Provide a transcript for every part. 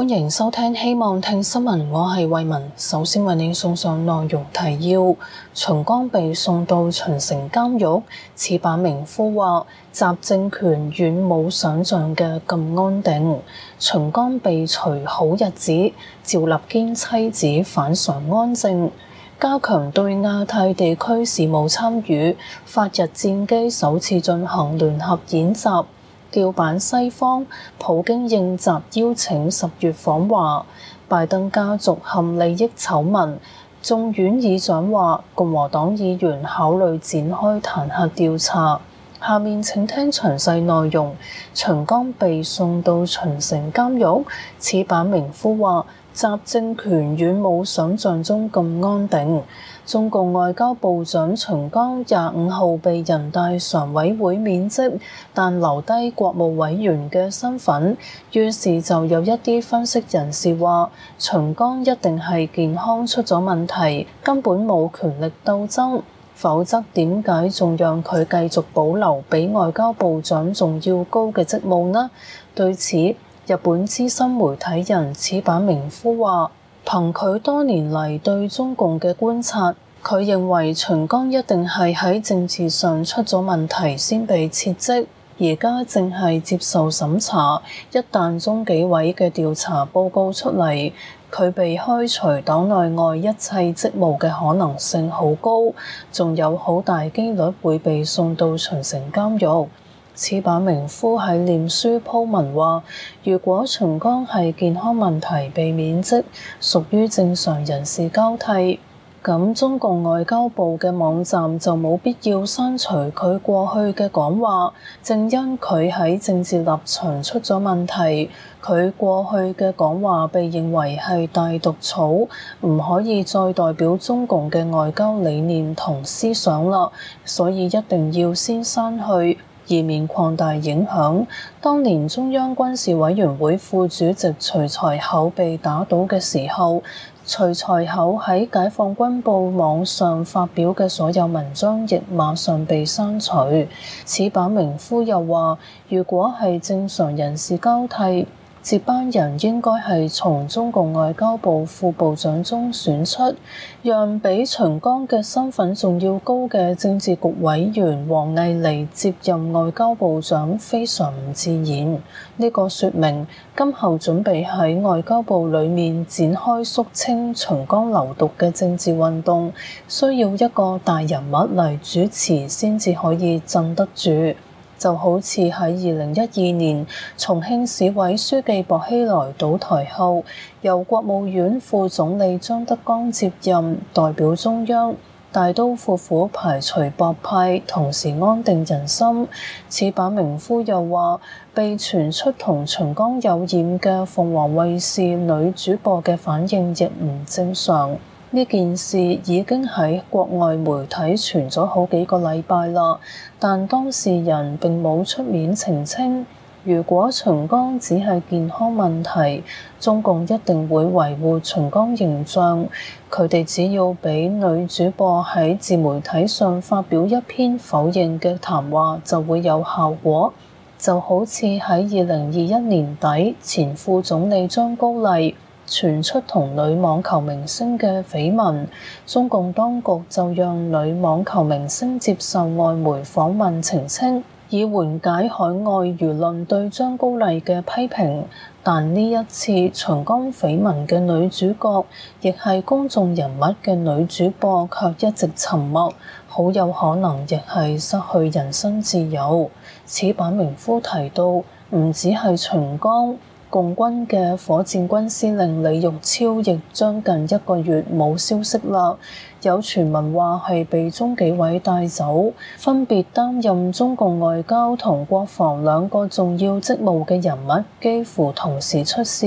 歡迎收聽，希望聽新聞，我係慧雯。首先為你送上內容提要：秦剛被送到秦城監獄，矢板明夫話，習政權遠冇想象嘅咁安定。秦剛被除好日子，趙立堅妻子反常安靜，加強對亞太地區事務參與，法日戰機首次進行聯合演習。叫板西方，普京應習邀請十月訪華。拜登家族陷利益醜聞，眾院議長話共和黨議員考慮展開彈劾調查。下面請聽詳細內容。秦剛被送到秦城監獄，矢板明夫話：習政權遠冇想像中咁安定。中共外交部長秦剛廿五號被人大常委會免職，但留低國務委員嘅身份。於是就有一啲分析人士話，秦剛一定係健康出咗問題，根本冇權力鬥爭，否則點解仲讓佢繼續保留比外交部長仲要高嘅職務呢？對此，日本資深媒體人矢板明夫話。憑佢多年嚟對中共嘅觀察，佢認為秦剛一定係喺政治上出咗問題先被撤職，而家正係接受審查。一旦中紀委嘅調查報告出嚟，佢被開除黨內外一切職務嘅可能性好高，仲有好大機率會被送到秦城監獄。矢板明夫喺念書鋪文話，如果秦剛係健康問題被免職，屬於正常人事交替，咁中共外交部嘅網站就冇必要刪除佢過去嘅講話。正因佢喺政治立場出咗問題，佢過去嘅講話被認為係大毒草，唔可以再代表中共嘅外交理念同思想啦，所以一定要先刪去。以免擴大影響。當年中央軍事委員會副主席徐才厚被打倒嘅時候，徐才厚喺解放軍報網上發表嘅所有文章亦馬上被刪除。矢板明夫又話：如果係正常人事交替，接班人應該係從中共外交部副部長中選出，讓比秦剛嘅身份仲要高嘅政治局委員王毅嚟接任外交部長，非常唔自然。呢個説明，今後準備喺外交部裡面展開肅清秦剛流毒嘅政治運動，需要一個大人物嚟主持先至可以鎮得住。就好似喺二零一二年，重慶市委書記薄熙來倒台後，由國務院副總理張德江接任代表中央，大刀闊斧排除薄派，同時安定人心。矢板明夫又話，被傳出同秦剛有染嘅鳳凰衛視女主播嘅反應亦唔正常。呢件事已經喺國外媒體傳咗好幾個禮拜啦，但當事人並冇出面澄清。如果秦剛只係健康問題，中共一定會維護秦剛形象。佢哋只要俾女主播喺自媒體上發表一篇否認嘅談話，就會有效果。就好似喺二零二一年底，前副總理張高麗，傳出同女網球明星嘅緋聞，中共當局就讓女網球明星接受外媒訪問澄清，以緩解海外輿論對張高麗嘅批評。但呢一次秦剛緋聞嘅女主角，亦係公眾人物嘅女主播，卻一直沉默，好有可能亦係失去人身自由。矢板明夫提到，唔止係秦剛。共軍嘅火箭軍司令李玉超亦將近一個月冇消息啦，有傳聞話係被中紀委帶走。分別擔任中共外交同國防兩個重要職務嘅人物，幾乎同時出事，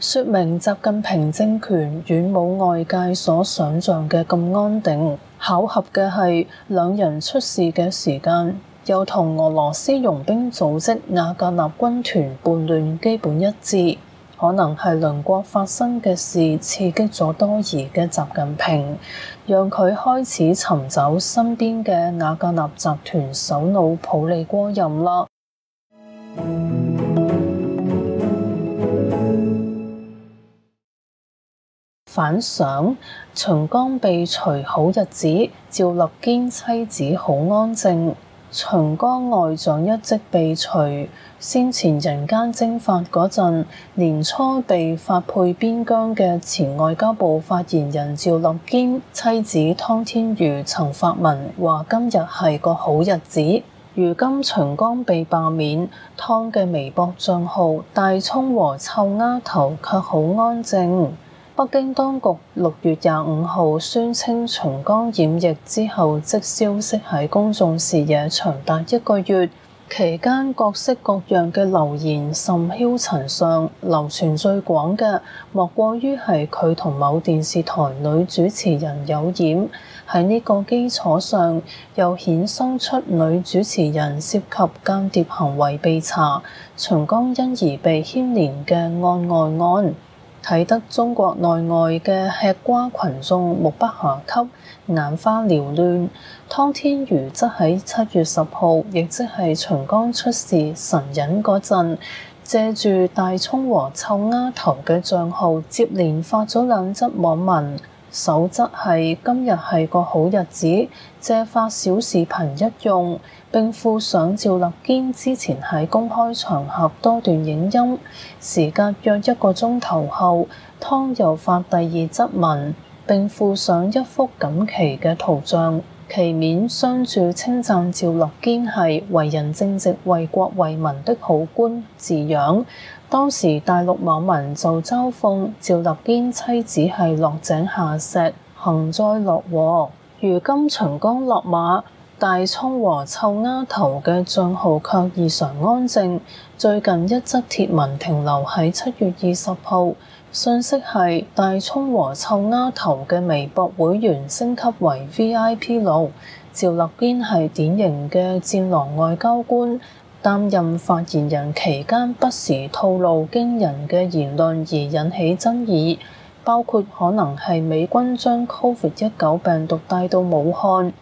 說明習近平政權遠冇外界所想像嘅咁安定。巧合嘅係，兩人出事嘅時間。又同俄羅斯傭兵組織瓦格納軍團叛亂基本一致，可能係鄰國發生嘅事刺激咗多疑嘅習近平，讓佢開始尋找身邊嘅瓦格納集團首腦普利戈任啦。 反想秦剛被除好日子，趙立堅妻子好安靜。秦剛外長一職被除，先前人間蒸發嗰陣，年初被發配邊疆嘅前外交部發言人趙立堅妻子湯天瑜曾發文話：今日係個好日子。如今秦剛被罷免，湯嘅微博賬號大蔥和臭丫頭卻好安靜。北京當局六月廿五號宣稱秦剛染疫之後，即消息喺公眾視野長達一個月期間，間各式各樣嘅流言甚囂塵上。流傳最廣嘅，莫過於係佢同某電視台女主持人有染。喺呢個基礎上，又衍生出女主持人涉及間諜行為被查，秦剛因而被牽連嘅案外案。睇得中國內外嘅吃瓜群眾目不暇給，眼花撩亂。湯天如則喺七月十號，亦即係秦剛出事神隱嗰陣，借住大葱和臭丫頭嘅賬號，接連發咗兩則網文，首則係今日係個好日子，借發小視頻一用。並附上趙立堅之前喺公開場合多段影音，時間約一個鐘頭後，湯又發第二則文，並附上一幅錦旗嘅圖像，其面相注稱讚趙立堅係為人正直、為國為民的好官字樣。當時大陸網民就嘲諷趙立堅妻子係落井下石、幸災樂禍，如今秦剛落馬，大葱和臭丫頭嘅賬號卻異常安靜，最近一則貼文停留喺七月二十號，信息係大葱和臭丫頭嘅微博會員升級為 VIP 六。趙立堅係典型嘅戰狼外交官，擔任發言人期間不時透露驚人嘅言論而引起爭議，包括可能係美軍將 COVID-19 病毒帶到武漢。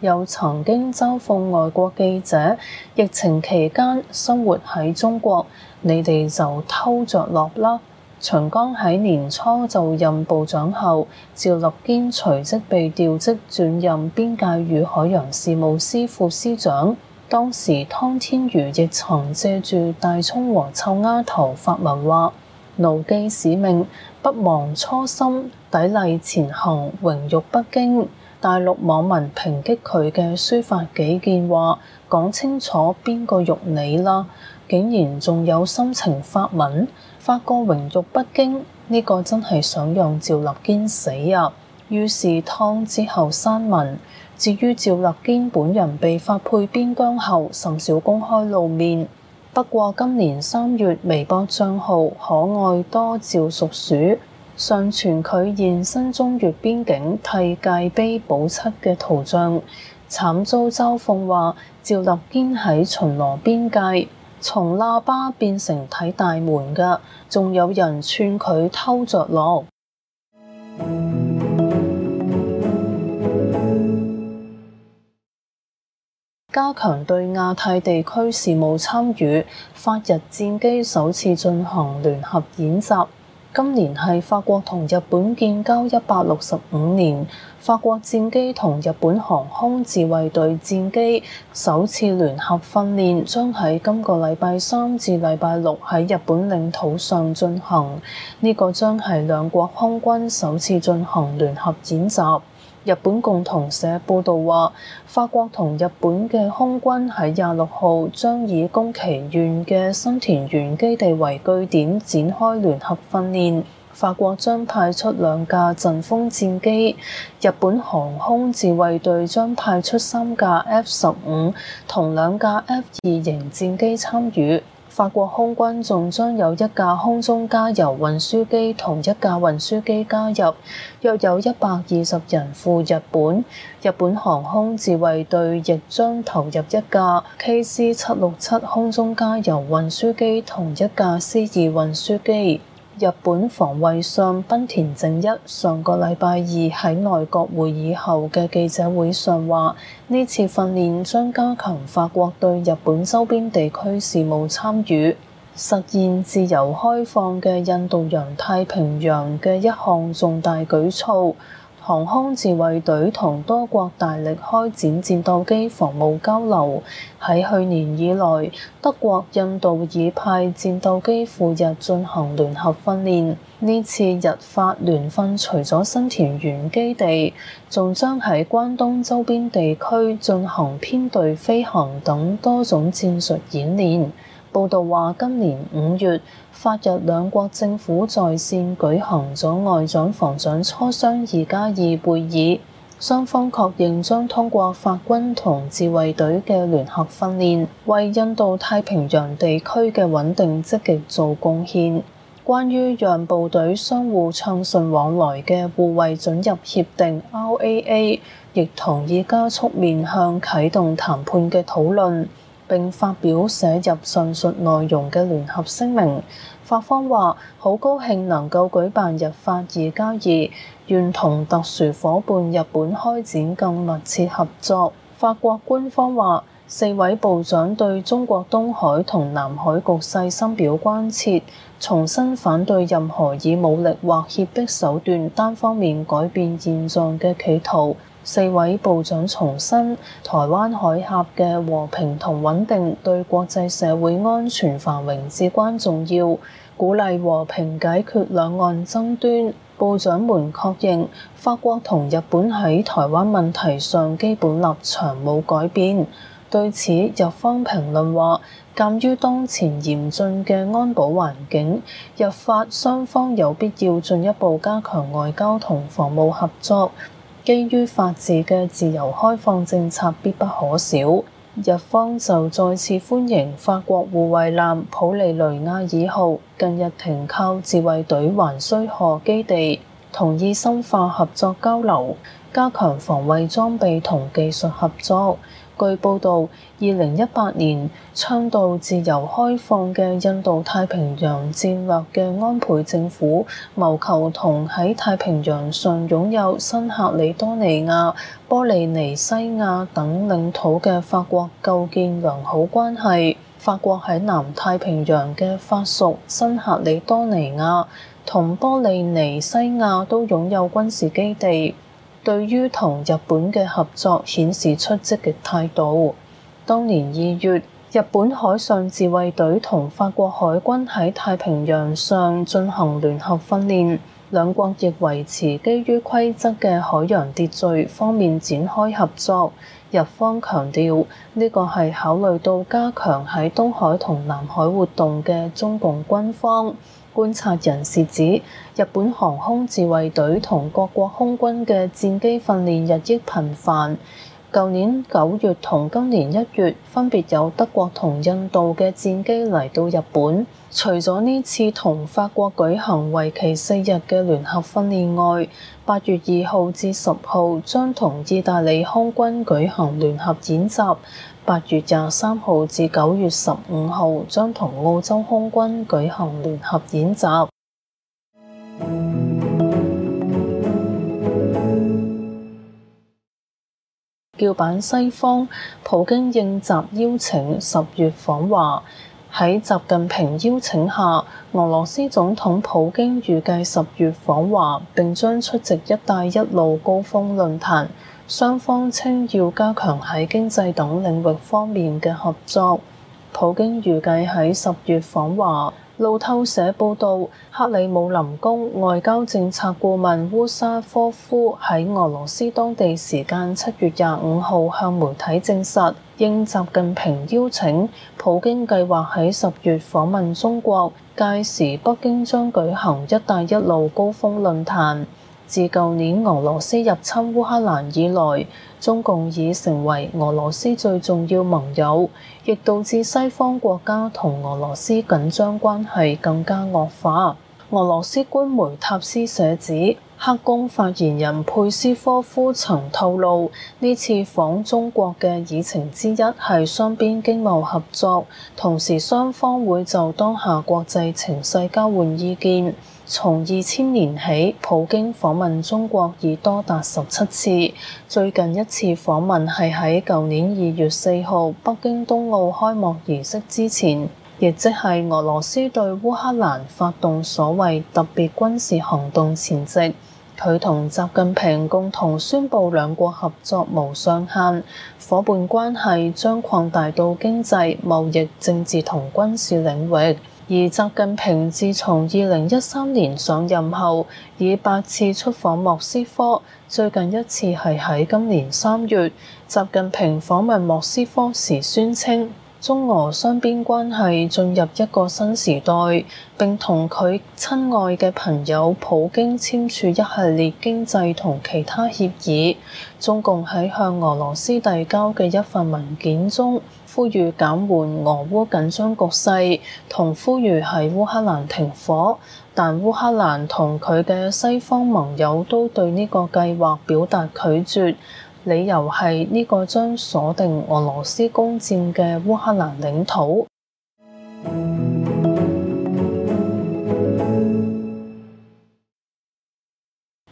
又曾經嘲諷外國記者，疫情期間生活喺中國，你哋就偷着樂啦！秦剛喺年初就任部長後，趙立堅隨即被調職轉任邊界與海洋事務司副司長。當時湯天如亦曾借住大葱和臭丫頭發文話：牢記使命，不忘初心，砥礪前行，榮辱不驚。大陸網民抨擊佢嘅書法幾見話，講清楚邊個辱你啦！竟然仲有心情發文，發個榮辱不驚，呢個真係想讓趙立堅死啊！於是湯之後刪文。至於趙立堅本人被發配邊疆後，甚少公開露面。不過今年三月，微博帳號可愛多趙蜀黍，上傳佢現身中越邊境替界碑補漆嘅圖像，慘遭嘲諷話趙立堅喺巡邏邊界，從喇叭變成睇大門㗎，仲有人串佢偷着樂。 加強對亞太地區事務參與，法日戰機首次進行聯合演習。今年係法國同日本建交一百六十五年，法國戰機同日本航空自衛隊戰機首次聯合訓練將喺今個禮拜三至禮拜六喺日本領土上進行，呢個將係兩國空軍首次進行聯合演習。日本共同社報導話，法國同日本嘅空軍喺廿六號將以宮崎縣嘅新田原基地為據點，展開聯合訓練。法國將派出兩架陣風戰機，日本航空自衛隊將派出三架 F 十五同兩架 F 二型戰機參與。法國空軍仲將有一架空中加油運輸機同一架運輸機加入，約有一百二十人赴日本。日本航空自衛隊亦將投入一架 KC 767空中加油運輸機同一架 C 2運輸機。日本防衛相濱田正一上個禮拜二喺內閣會議後嘅記者會上話，呢次訓練將加強法國對日本周邊地區事務參與，實現自由開放嘅印度洋太平洋嘅一項重大舉措。航空自衛隊同多國大力開展戰鬥機防務交流。喺去年以來，德國、印度已派戰鬥機赴日進行聯合訓練。呢次日法聯訓除咗新田原基地，仲將喺關東周邊地區進行編隊飛行等多種戰術演練。報道話，今年五月，法日兩國政府在線舉行咗外長、防長磋商二加二會議，雙方確認將通過法軍同自衛隊嘅聯合訓練，為印度太平洋地區嘅穩定積極做貢獻。關於讓部隊相互暢順往來嘅互惠准入協定 （RAA），亦同意加速面向啟動談判嘅討論。並發表寫入上述內容嘅聯合聲明。法方話：好高興能夠舉辦日法二加二，願同特殊伙伴日本開展更密切合作。法國官方話：四位部長對中國東海同南海局勢深表關切，重新反對任何以武力或脅迫手段單方面改變現狀嘅企圖。四位部長重申，台灣海峽嘅和平同穩定對國際社會安全繁榮至關重要，鼓勵和平解決兩岸爭端。部長們確認法國同日本喺台灣問題上基本立場冇改變。對此，日方評論話，鑒於當前嚴峻嘅安保環境，日法雙方有必要進一步加強外交同防務合作。基於法治嘅自由開放政策必不可少。日方就再次歡迎法國護衛艦普利雷亞爾號近日停靠自衛隊橫須賀基地，同意深化合作交流，加強防衛裝備同技術合作。據報導，二零一八年倡導自由開放嘅印度太平洋戰略嘅安倍政府，謀求同喺太平洋上擁有新喀里多尼亞、波利尼西亞等領土嘅法國，構建良好關係。法國喺南太平洋嘅法屬新喀里多尼亞同波利尼西亞都擁有軍事基地。對於同日本嘅合作顯示出積極態度。當年二月，日本海上自衛隊同法國海軍喺太平洋上進行聯合訓練，兩國亦維持基於規則嘅海洋秩序方面展開合作。日方強調，呢個係考慮到加強喺東海同南海活動嘅中共軍方。觀察人士指，日本航空自衛隊同各國空軍嘅戰機訓練日益頻繁。舊年九月同今年一月，分別有德國同印度嘅戰機嚟到日本。除咗呢次同法國舉行為期四日嘅聯合訓練外，八月二號至十號將同意大利空軍舉行聯合演習。八月廿三號至九月十五號將同澳洲空軍舉行聯合演習，叫板西方。普京應習邀請十月訪華。喺習近平邀請下，俄羅斯總統普京預計十月訪華，並將出席「一帶一路」高峰論壇。雙方稱要加強喺經濟等領域方面嘅合作。普京預計喺十月訪華。路透社報道，克里姆林宮外交政策顧問烏沙科夫喺俄羅斯當地時間七月廿五號向媒體證實，應習近平邀請，普京計劃喺十月訪問中國，屆時北京將舉行「一帶一路」高峰論壇。自舊年俄羅斯入侵烏克蘭以來，中共已成為俄羅斯最重要盟友，亦導致西方國家同俄羅斯緊張關係更加惡化。俄羅斯官媒塔斯社指，克宮發言人佩斯科夫曾透露，呢次訪中國嘅議程之一係雙邊經貿合作，同時雙方會就當下國際情勢交換意見。從二千年起，普京訪問中國已多達十七次。最近一次訪問係喺舊年二月四號北京冬奧開幕儀式之前，亦即係俄羅斯對烏克蘭發動所謂特別軍事行動前夕。佢同習近平共同宣布兩國合作無上限，夥伴關係將擴大到經濟、貿易、政治同軍事領域。而習近平自從二零一三年上任後，已八次出訪莫斯科，最近一次係喺今年三月。習近平訪問莫斯科時宣稱，中俄雙邊關係進入一個新時代，並同佢親愛嘅朋友普京簽署一系列經濟同其他協議。中共喺向俄羅斯遞交嘅一份文件中，呼籲減緩俄烏緊張局勢，同呼籲喺烏克蘭停火，但烏克蘭同佢嘅西方盟友都對呢個計劃表達拒絕，理由係呢個將鎖定俄羅斯攻佔嘅烏克蘭領土。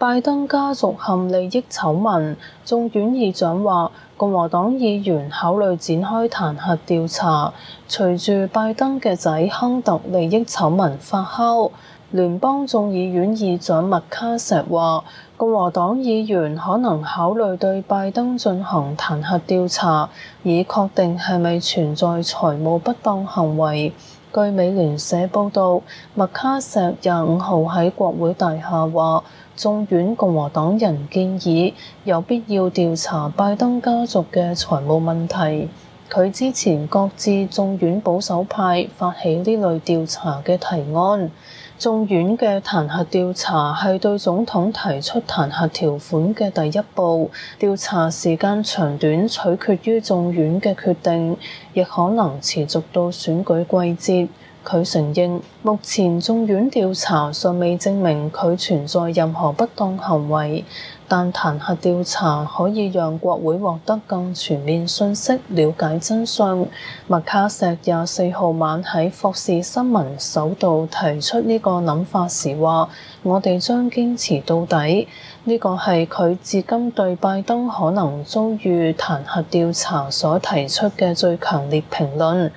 拜登家族陷利益醜聞，眾議院議長話共和黨議員考慮展開彈劾調查。隨住拜登嘅仔亨特利益醜聞發酵，聯邦眾議院議長麥卡錫話共和黨議員可能考慮對拜登進行彈劾調查，以確定係咪存在財務不當行為。據美聯社報導，麥卡錫廿五號喺國會大廈話：眾院共和黨人建議有必要調查拜登家族嘅財務問題。佢之前各自眾院保守派發起呢類調查嘅提案。眾院嘅彈劾調查係對總統提出彈劾條款嘅第一步，調查時間長短取決於眾院嘅決定，亦可能持續到選舉季節。佢承認，目前眾院調查尚未證明佢存在任何不當行為，但彈劾調查可以讓國會獲得更全面信息，了解真相。麥卡錫廿四號晚喺《霍士新聞》首度提出呢個諗法時話：「我哋將堅持到底。」呢個係佢至今對拜登可能遭遇彈劾調查所提出嘅最強烈評論。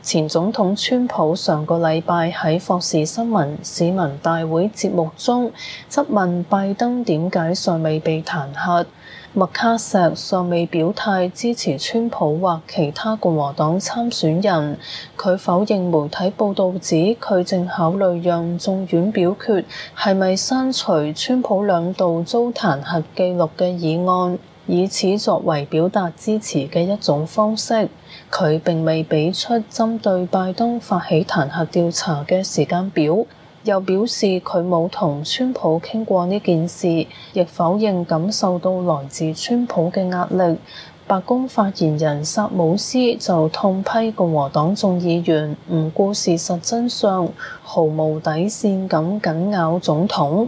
前總統川普上個禮拜喺《霍士新聞》市民大會節目中質問拜登點解尚未被彈劾，麥卡錫尚未表態支持川普或其他共和黨參選人，佢否認媒體報道指佢正考慮讓眾院表決，係咪刪除川普兩度遭彈劾記錄嘅議案。以此作為表達支持嘅一種方式，佢並未畀出針對拜登發起彈劾調查嘅時間表，又表示佢冇同川普傾過呢件事，亦否認感受到來自川普嘅壓力。白宮發言人薩姆斯就痛批共和黨眾議員，唔顧事實真相，毫無底線咁緊咬總統。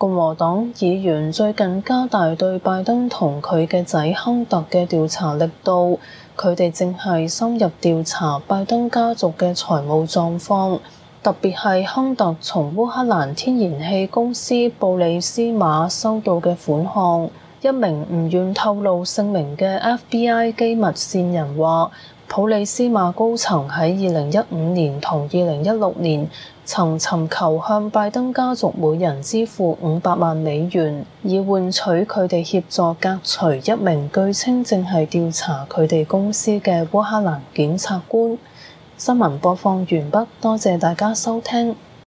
共和黨議員最近加大對拜登同佢嘅仔亨特嘅調查力度，佢哋正係深入調查拜登家族嘅財務狀況，特別係亨特從烏克蘭天然氣公司布里斯馬收到嘅款項。一名唔願透露姓名嘅 FBI 機密線人話：普里斯馬高層喺二零一五年同二零一六年，曾尋尋求向拜登家族每人支付五百萬美元，以換取佢哋協助革除一名據稱正係調查佢哋公司嘅烏克蘭檢察官。新聞播放完畢，多謝大家收聽。